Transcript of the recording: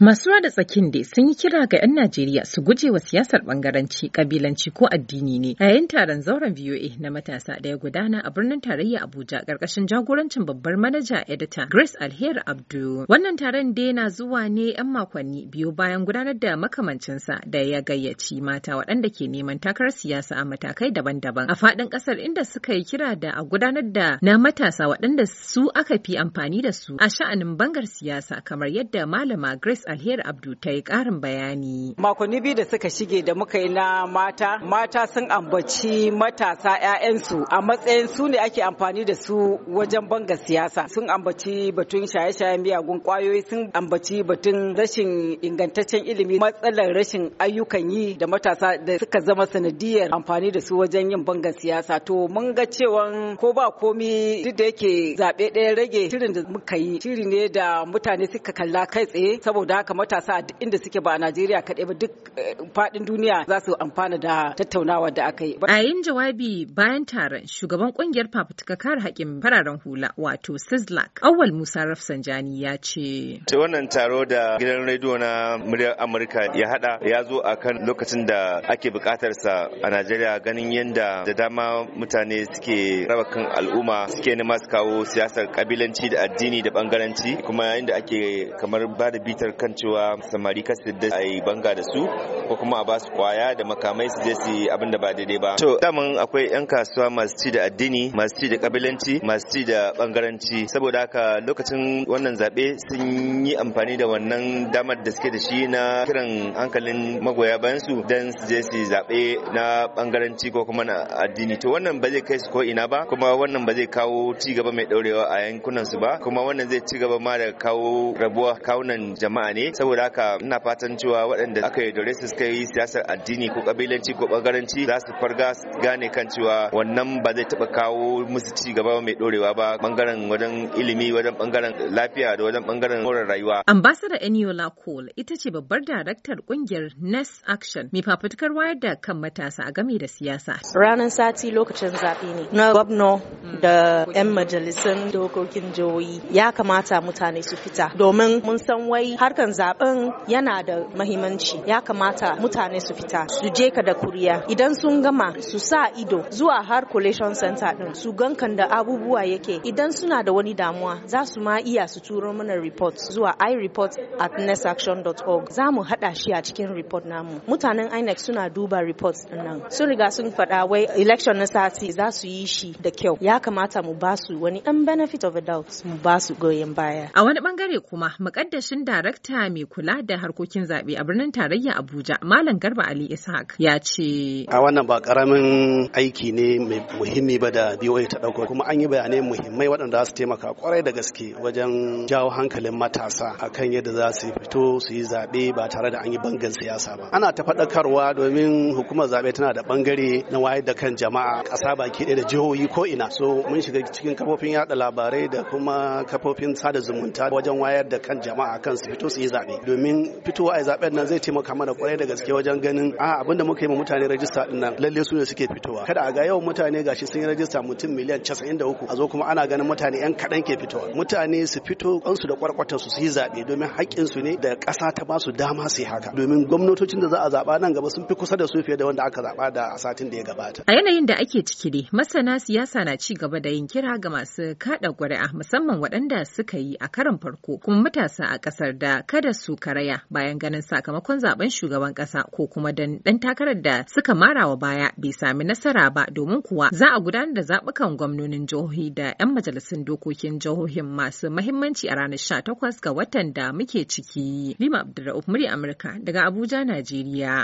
Masu da tsakin dai sun yi kira ga 'yan Najeriya su guje wa siyasar bangaranci, kabilanci ko addini ne a yayin taron zauren VOA na matasa da ya gudana a birnin tarayya Abuja ƙarƙashin jagorancin babbar manaja edita Grace Alheri Abdu. Wannan taron dai na zuwa ne 'yan makonni biyu bayan gudanar da makamancinsa da ya gayyaci mata waɗanda ke neman takarar siyasa a matakai daban-daban a faɗin ƙasar inda suka yi kira da a gudanar da na matasa waɗanda su aka fi amfani da su a sha'anin bangar siyasa kamar yadda malama Grace Alheri Abdu ta yi ƙarin bayani. Makonni biyu da suka shige da muka yi na mata, mata sun ambaci matasa 'ya'yansu a matsayin su ne ake amfani da su wajen banga siyasa. Sun ambaci batun shaye-shayen miyagun kwayoyi sun ambaci batun rashin ingantaccen ilimi, matsalar rashin ayyukan yi da matasa da suka zama sanadiyar amfani da su wajen yin banga siyasa. To mun ga cewa ko ba komi duk da yake zaɓe ɗaya rage shirin da muka yi shiri ne da mutane suka kalla kai tsaye saboda da haka matasa duk inda suke ba a Najeriya kaɗai ba duk eh, faɗin duniya za su amfana da tattaunawa da aka yi. A yin jawabi bayan taron shugaban kungiyar fafutuka kare haƙƙin fararen hula wato Sislak Awal Musa Rafsanjani ya ce. Ta wannan taro da gidan rediyo na muryar Amurka ya haɗa ya zo a kan lokacin da ake buƙatar sa a Najeriya ganin yadda da dama mutane suke raba kan al'umma suke nema su kawo siyasar kabilanci da addini da bangaranci kuma yayin da ake kamar ba da bitar kan cewa samari kasu da a banga da su ko kuma a ba su kwaya da makamai su je su abin da ba daidai ba to daman akwai yan kasuwa masu ci da addini masu ci da kabilanci masu ci da bangaranci saboda haka lokacin wannan zaɓe sun yi amfani da wannan damar da suke da shi na kiran hankalin magoya bayan su dan su je su zaɓe na bangaranci ko kuma na addini to wannan ba zai kai su ko ina ba kuma wannan ba zai kawo ci gaba mai ɗorewa a yankunan su ba kuma wannan zai ci gaba ma da kawo rabuwa kawunan jama'a mutane saboda haka ina fatan cewa waɗanda aka dore su suka yi siyasar addini ko kabilanci ko bagaranci za su farga su gane kan cewa wannan ba zai taɓa kawo musu ci gaba mai ɗorewa ba bangaren wajen ilimi wajen bangaren lafiya da wajen bangaren horar rayuwa. Ambassador Eniola Cole ita ce babbar daraktar ƙungiyar Ness Action mai fafutukar wayar da kan matasa a game da siyasa. Ranar sati lokacin zaɓe ne na gwamna da 'yan majalisun dokokin jihohi ya kamata mutane su fita domin mun san wai harkar harkan zaben yana da mahimmanci ya kamata mutane su fita su je ka da kuriya idan sun gama su sa ido zuwa har collation center din su gankan da abubuwa yake idan suna da wani damuwa za su ma iya su turo mana report zuwa ireport at nextaction.org za mu haɗa shi a cikin report namu mutanen inec suna duba report din nan sun riga sun faɗa wai election na sati za su yi shi da kyau ya kamata mu ba su wani dan benefit of a doubt mu ba su goyon baya a wani bangare kuma mukaddashin director jiha mai kula da harkokin zaɓe a birnin tarayya Abuja Malam Garba Ali Ishaq ya ce. A wannan ba karamin aiki ne mai muhimmi ba da BOA ta ɗauko kuma an yi bayanai muhimmai waɗanda za su taimaka kwarai da gaske wajen jawo hankalin matasa akan yadda za su fito su yi zaɓe ba tare da an yi bangan siyasa ba. Ana ta faɗakarwa domin hukumar zaɓe tana da ɓangare na wayar da kan jama'a ƙasa baki ɗaya da jihohi ko ina. So mun shiga cikin kafofin yaɗa labarai da kuma kafofin sada zumunta wajen wayar da kan jama'a kan su fito su yi yi zaɓe domin fitowa a zaɓen nan zai taimaka mana kwarai da gaske wajen ganin a abinda muka yi ma mutane rajista din nan lalle su ne suke fitowa kada a ga yawan mutane gashi sun yi rajista mutum miliyan 93 a zo kuma ana ganin mutane yan kaɗan ke fitowa mutane su fito kansu da kwarkwatan su su yi zaɓe domin haƙƙin su ne da ƙasa ta basu dama su yi haka domin gwamnatocin da za a zaɓa nan gaba sun fi kusa da su fiye da wanda aka zaɓa da a satin da ya gabata a yanayin da ake ciki ne masana siyasa na ci gaba da yin kira ga masu kaɗa ƙuri'a musamman waɗanda suka yi a karan farko kuma matasa a ƙasar da kada su karaya bayan ganin sakamakon zaben shugaban kasa ko kuma dan takarar da suka mara wa baya bai sami nasara ba domin kuwa za a gudanar da zabukan gwamnonin jihohi da 'yan majalisun dokokin jihohin masu mahimmanci a ranar 18 ga watan da muke ciki. Lima Abdulrahman murya Amurka daga Abuja, Najeriya.